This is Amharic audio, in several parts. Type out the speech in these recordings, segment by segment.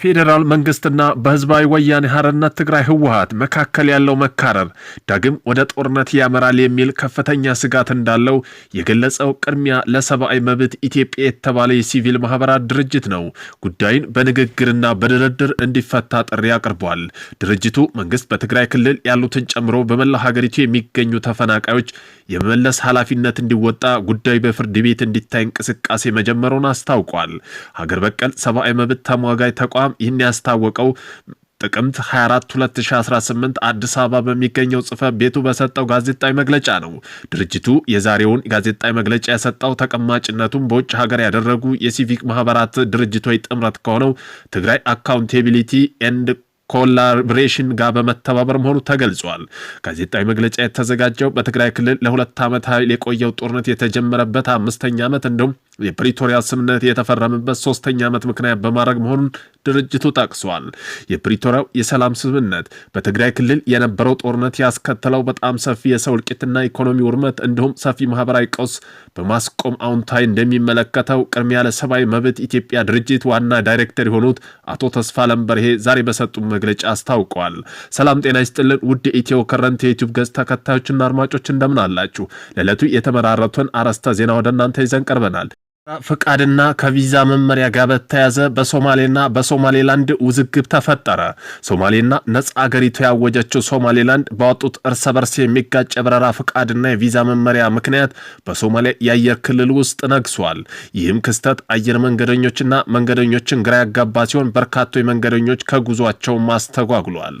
በፌዴራል መንግስትና በህዝባዊ ወያኔ ሐርነት ትግራይ ህወሀት መካከል ያለው መካረር ዳግም ወደ ጦርነት ያመራል የሚል ከፍተኛ ስጋት እንዳለው የገለጸው ቅድሚያ ለሰብአዊ መብት ኢትዮጵያ የተባለ የሲቪል ማህበራት ድርጅት ነው። ጉዳዩን በንግግርና በድርድር እንዲፈታ ጥሪ አቅርቧል። ድርጅቱ መንግስት በትግራይ ክልል ያሉትን ጨምሮ በመላ ሀገሪቱ የሚገኙ ተፈናቃዮች የመመለስ ኃላፊነት እንዲወጣ ጉዳዩ በፍርድ ቤት እንዲታይ እንቅስቃሴ መጀመሩን አስታውቋል። ሀገር በቀል ሰብአዊ መብት ተሟጋይ ተቋም ይህን ያስታወቀው ጥቅምት 24 2018 አዲስ አበባ በሚገኘው ጽሕፈት ቤቱ በሰጠው ጋዜጣዊ መግለጫ ነው። ድርጅቱ የዛሬውን ጋዜጣዊ መግለጫ የሰጠው ተቀማጭነቱን በውጭ ሀገር ያደረጉ የሲቪክ ማህበራት ድርጅቶች ጥምረት ከሆነው ትግራይ አካውንቴቢሊቲ ኤንድ ኮላብሬሽን ጋር በመተባበር መሆኑ ተገልጿል። ጋዜጣዊ መግለጫ የተዘጋጀው በትግራይ ክልል ለሁለት ዓመት ኃይል የቆየው ጦርነት የተጀመረበት አምስተኛ ዓመት እንዲሁም የፕሪቶሪያ ስምምነት የተፈረመበት ሶስተኛ ዓመት ምክንያት በማድረግ መሆኑን ድርጅቱ ጠቅሷል። የፕሪቶሪያው የሰላም ስምምነት በትግራይ ክልል የነበረው ጦርነት ያስከተለው በጣም ሰፊ የሰው እልቂትና ኢኮኖሚ ውድመት እንዲሁም ሰፊ ማህበራዊ ቀውስ በማስቆም አውንታዊ እንደሚመለከተው ቅድሚያ ለሰብአዊ መብት ኢትዮጵያ ድርጅት ዋና ዳይሬክተር የሆኑት አቶ ተስፋ ለምበርሄ ዛሬ በሰጡ መግለጫ አስታውቀዋል። ሰላም ጤና ይስጥልን ውድ ኢትዮ ከረንት የዩቲዩብ ገጽ ተከታዮችና አድማጮች እንደምን አላችሁ? ለዕለቱ የተመራረቱን አርዕስተ ዜና ወደ እናንተ ይዘን ቀርበናል። ፈቃድና ከቪዛ መመሪያ ጋር በተያዘ በሶማሌና በሶማሌላንድ ውዝግብ ተፈጠረ። ሶማሌና ነጻ አገሪቱ ያወጀችው ሶማሌላንድ ባወጡት እርስ በርስ የሚጋጭ የበረራ ፈቃድና የቪዛ መመሪያ ምክንያት በሶማሌ የአየር ክልል ውስጥ ነግሷል። ይህም ክስተት አየር መንገደኞችና መንገደኞችን ግራ ያጋባ ሲሆን በርካቶ መንገደኞች ከጉዟቸው ማስተጓጉሏል።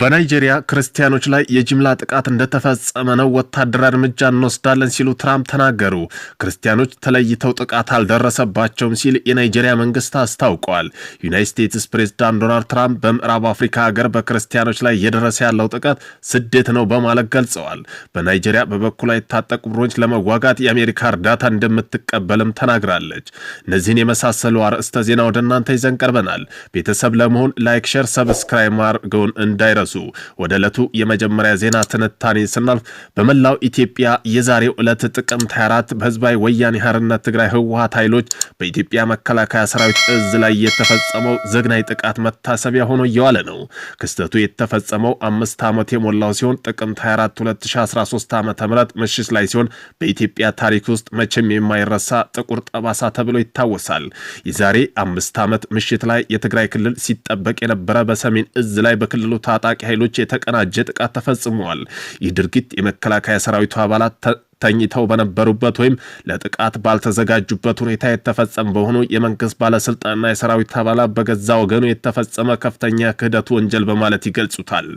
በናይጄሪያ ክርስቲያኖች ላይ የጅምላ ጥቃት እንደተፈጸመ ነው፣ ወታደራዊ እርምጃ እንወስዳለን ሲሉ ትራምፕ ተናገሩ። ክርስቲያኖች ተለይተው ጥቃት አልደረሰባቸውም ሲል የናይጄሪያ መንግስት አስታውቋል። ዩናይት ስቴትስ ፕሬዚዳንት ዶናልድ ትራምፕ በምዕራብ አፍሪካ ሀገር በክርስቲያኖች ላይ እየደረሰ ያለው ጥቃት ስደት ነው በማለት ገልጸዋል። በናይጄሪያ በበኩሏ የታጠቁ ቡድኖች ለመዋጋት የአሜሪካ እርዳታ እንደምትቀበልም ተናግራለች። እነዚህን የመሳሰሉ አርዕስተ ዜና ወደ እናንተ ይዘን ቀርበናል። ቤተሰብ ለመሆን ላይክ፣ ሸር፣ ሰብስክራይብ ማድረግዎን እንዳይረ ተጠቀሱ። ወደ ዕለቱ የመጀመሪያ ዜና ትንታኔ ስናልፍ በመላው ኢትዮጵያ የዛሬው ዕለት ጥቅምት 24 በህዝባዊ ወያኔ ሓርነት ትግራይ ህወሀት ኃይሎች በኢትዮጵያ መከላከያ ሰራዊት እዝ ላይ የተፈጸመው ዘግናይ ጥቃት መታሰቢያ ሆኖ እየዋለ ነው። ክስተቱ የተፈጸመው አምስት ዓመት የሞላው ሲሆን ጥቅምት 24 2013 ዓ ም ምሽት ላይ ሲሆን በኢትዮጵያ ታሪክ ውስጥ መቼም የማይረሳ ጥቁር ጠባሳ ተብሎ ይታወሳል። የዛሬ አምስት ዓመት ምሽት ላይ የትግራይ ክልል ሲጠበቅ የነበረ በሰሜን እዝ ላይ በክልሉ ታጣ ታጣቂ ኃይሎች የተቀናጀ ጥቃት ተፈጽመዋል። ይህ ድርጊት የመከላከያ ሰራዊቱ አባላት ተኝተው በነበሩበት ወይም ለጥቃት ባልተዘጋጁበት ሁኔታ የተፈጸመ በሆኑ የመንግስት ባለስልጣንና የሰራዊት አባላት በገዛ ወገኑ የተፈጸመ ከፍተኛ ክህደት ወንጀል በማለት ይገልጹታል።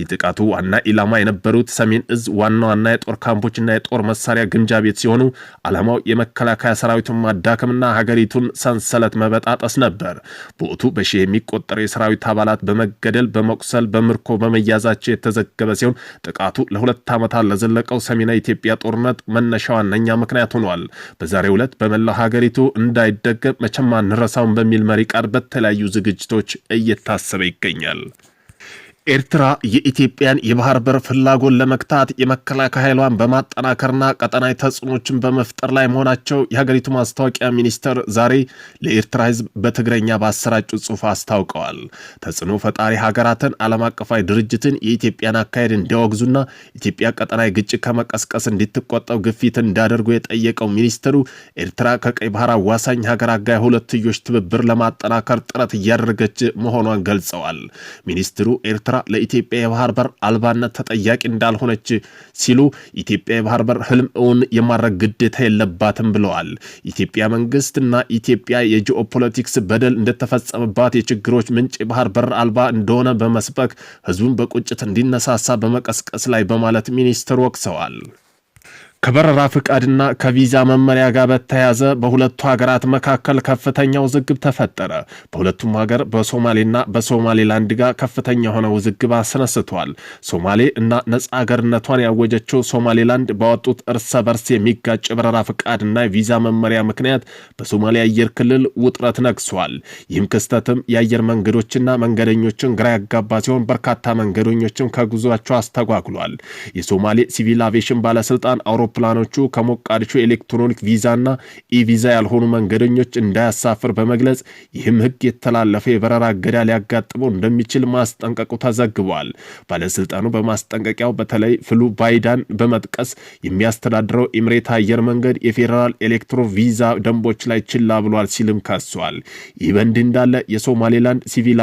የጥቃቱ ዋና ኢላማ የነበሩት ሰሜን እዝ ዋና ዋና የጦር ካምፖችና የጦር መሳሪያ ግምጃ ቤት ሲሆኑ ዓላማው የመከላከያ ሰራዊቱን ማዳከምና ሀገሪቱን ሰንሰለት መበጣጠስ ነበር። በወቅቱ በሺህ የሚቆጠሩ የሰራዊት አባላት በመገደል በመቁሰል፣ በምርኮ በመያዛቸው የተዘገበ ሲሆን ጥቃቱ ለሁለት ዓመታት ለዘለቀው ሰሜናዊ ኢትዮጵያ ጦርነት መቋረጥ መነሻ ዋነኛ ምክንያት ሆኗል። በዛሬው ዕለት በመላው ሀገሪቱ እንዳይደገም መቼም አንረሳውን በሚል መሪ ቃል በተለያዩ ዝግጅቶች እየታሰበ ይገኛል። ኤርትራ የኢትዮጵያን የባህር በር ፍላጎን ለመክታት የመከላከያ ኃይሏን በማጠናከርና ቀጠናዊ ተጽዕኖችን በመፍጠር ላይ መሆናቸው የሀገሪቱ ማስታወቂያ ሚኒስተር ዛሬ ለኤርትራ ሕዝብ በትግረኛ ባሰራጩ ጽሑፍ አስታውቀዋል። ተጽዕኖ ፈጣሪ ሀገራትን፣ ዓለም አቀፋዊ ድርጅትን የኢትዮጵያን አካሄድ እንዲያወግዙና ኢትዮጵያ ቀጠናዊ ግጭት ከመቀስቀስ እንድትቆጠው ግፊት እንዲያደርጉ የጠየቀው ሚኒስትሩ ኤርትራ ከቀይ ባህር አዋሳኝ ሀገር አጋ የሁለትዮሽ ትብብር ለማጠናከር ጥረት እያደረገች መሆኗን ገልጸዋል። ሚኒስትሩ ኤርትራ ኤርትራ ለኢትዮጵያ የባህር በር አልባነት ተጠያቂ እንዳልሆነች ሲሉ ኢትዮጵያ የባህር በር ህልም እውን የማድረግ ግዴታ የለባትም ብለዋል። ኢትዮጵያ መንግስትና ኢትዮጵያ የጂኦፖለቲክስ በደል እንደተፈጸመባት የችግሮች ምንጭ የባህር በር አልባ እንደሆነ በመስበክ ህዝቡን በቁጭት እንዲነሳሳ በመቀስቀስ ላይ በማለት ሚኒስትር ወቅሰዋል። ከበረራ ፍቃድና ከቪዛ መመሪያ ጋር በተያያዘ በሁለቱ ሀገራት መካከል ከፍተኛ ውዝግብ ተፈጠረ። በሁለቱም ሀገር በሶማሌና በሶማሌላንድ ጋር ከፍተኛ የሆነ ውዝግብ አስነስቷል። ሶማሌ እና ነጻ ሀገርነቷን ያወጀችው ሶማሌላንድ ባወጡት እርስ በርስ የሚጋጭ በረራ ፍቃድና የቪዛ መመሪያ ምክንያት በሶማሌ አየር ክልል ውጥረት ነግሷል። ይህም ክስተትም የአየር መንገዶችና መንገደኞችን ግራ ያጋባ ሲሆን በርካታ መንገደኞችም ከጉዟቸው አስተጓጉሏል። የሶማሌ ሲቪል አቪሽን ባለስልጣን አውሮ አውሮፕላኖቹ ከሞቃዲሾ ኤሌክትሮኒክ ቪዛና ኢቪዛ ያልሆኑ መንገደኞች እንዳያሳፍር በመግለጽ ይህም ሕግ የተላለፈ የበረራ እገዳ ሊያጋጥመው እንደሚችል ማስጠንቀቁ ተዘግቧል። ባለስልጣኑ በማስጠንቀቂያው በተለይ ፍሉ ባይዳን በመጥቀስ የሚያስተዳድረው ኢምሬት አየር መንገድ የፌዴራል ኤሌክትሮ ቪዛ ደንቦች ላይ ችላ ብሏል ሲልም ከሷል። ይህ በእንዲህ እንዳለ የሶማሌላንድ ሲቪል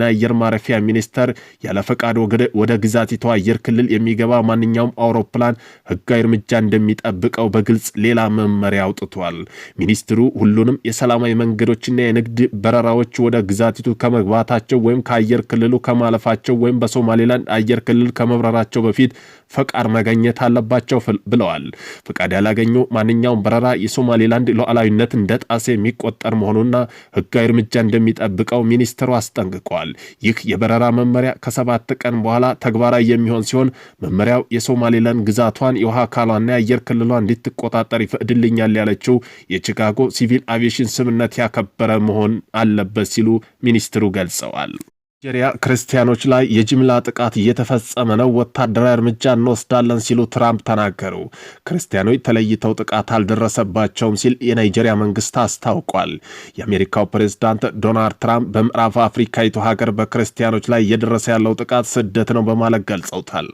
ና የአየር ማረፊያ ሚኒስተር ያለፈቃድ ወደ ግዛቲቷ አየር ክልል የሚገባ ማንኛውም አውሮፕላን ህጋዊ እርምጃ እንደሚጠብቀው በግልጽ ሌላ መመሪያ አውጥቷል። ሚኒስትሩ ሁሉንም የሰላማዊ መንገዶችና የንግድ በረራዎች ወደ ግዛቲቱ ከመግባታቸው ወይም ከአየር ክልሉ ከማለፋቸው ወይም በሶማሌላንድ አየር ክልል ከመብረራቸው በፊት ፈቃድ መገኘት አለባቸው ብለዋል። ፈቃድ ያላገኙ ማንኛውም በረራ የሶማሌላንድ ሉዓላዊነት እንደ ጣሴ የሚቆጠር መሆኑና ሕጋዊ እርምጃ እንደሚጠብቀው ሚኒስትሩ አስጠንቅቀዋል። ይህ የበረራ መመሪያ ከሰባት ቀን በኋላ ተግባራዊ የሚሆን ሲሆን መመሪያው የሶማሌላንድ ግዛቷን የውሃ አካሏና አየር ክልሏ እንድትቆጣጠር ይፈቅድልኛል ያለችው የቺካጎ ሲቪል አቪዬሽን ስምነት ያከበረ መሆን አለበት ሲሉ ሚኒስትሩ ገልጸዋል። ኒጄሪያ ክርስቲያኖች ላይ የጅምላ ጥቃት እየተፈጸመ ነው፣ ወታደራዊ እርምጃ እንወስዳለን ሲሉ ትራምፕ ተናገሩ። ክርስቲያኖች ተለይተው ጥቃት አልደረሰባቸውም ሲል የናይጄሪያ መንግስት አስታውቋል። የአሜሪካው ፕሬዝዳንት ዶናልድ ትራምፕ በምዕራብ አፍሪካዊቱ ሀገር በክርስቲያኖች ላይ እየደረሰ ያለው ጥቃት ስደት ነው በማለት ገልጸውታል።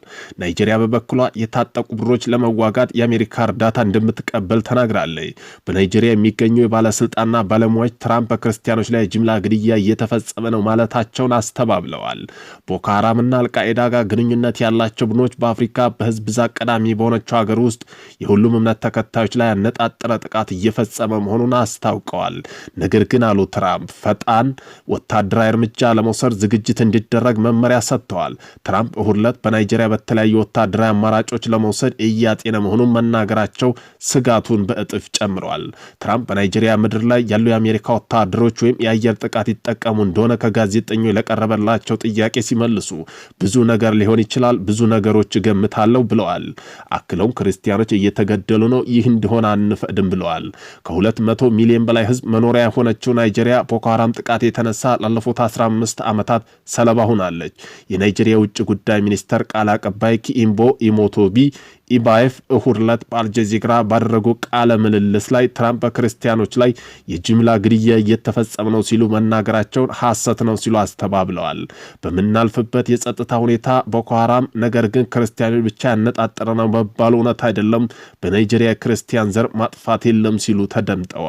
ናይጄሪያ በበኩሏ የታጠቁ ቡድኖች ለመዋጋት የአሜሪካ እርዳታ እንደምትቀበል ተናግራለች። በናይጄሪያ የሚገኙ የባለስልጣንና ባለሙያዎች ትራምፕ በክርስቲያኖች ላይ የጅምላ ግድያ እየተፈጸመ ነው ማለታቸውን አስታ ተባብለዋል። ቦኮ ሐራምና አልቃኤዳ ጋር ግንኙነት ያላቸው ቡድኖች በአፍሪካ በህዝብ ብዛት ቀዳሚ በሆነችው ሀገር ውስጥ የሁሉም እምነት ተከታዮች ላይ ያነጣጠረ ጥቃት እየፈጸመ መሆኑን አስታውቀዋል። ነገር ግን አሉ ትራምፕ ፈጣን ወታደራዊ እርምጃ ለመውሰድ ዝግጅት እንዲደረግ መመሪያ ሰጥተዋል። ትራምፕ እሁድ ዕለት በናይጄሪያ በተለያዩ ወታደራዊ አማራጮች ለመውሰድ እያጤነ መሆኑን መናገራቸው ስጋቱን በእጥፍ ጨምረዋል። ትራምፕ በናይጄሪያ ምድር ላይ ያሉ የአሜሪካ ወታደሮች ወይም የአየር ጥቃት ይጠቀሙ እንደሆነ ከጋዜጠኞች ለቀረ ለቀረበላቸው ጥያቄ ሲመልሱ ብዙ ነገር ሊሆን ይችላል፣ ብዙ ነገሮች እገምታለሁ ብለዋል። አክለውም ክርስቲያኖች እየተገደሉ ነው፣ ይህ እንደሆነ አንፈቅድም ብለዋል። ከሁለት መቶ ሚሊዮን በላይ ህዝብ መኖሪያ የሆነችው ናይጄሪያ ቦኮ ሃራም ጥቃት የተነሳ ላለፉት 15 ዓመታት ሰለባ ሆናለች። የናይጄሪያ የውጭ ጉዳይ ሚኒስተር ቃል አቀባይ ኪኢምቦ ኢሞቶቢ ኢባይፍ እሁድ ዕለት በአልጀዚራ ባደረጉ ቃለ ምልልስ ላይ ትራምፕ በክርስቲያኖች ላይ የጅምላ ግድያ እየተፈጸመ ነው ሲሉ መናገራቸውን ሐሰት ነው ሲሉ አስተባብለ ብለዋል። በምናልፍበት የጸጥታ ሁኔታ ቦኮ ሃራም ነገር ግን ክርስቲያኖች ብቻ ያነጣጠረ ነው መባሉ እውነት አይደለም፣ በናይጄሪያ ክርስቲያን ዘር ማጥፋት የለም ሲሉ ተደምጠዋል።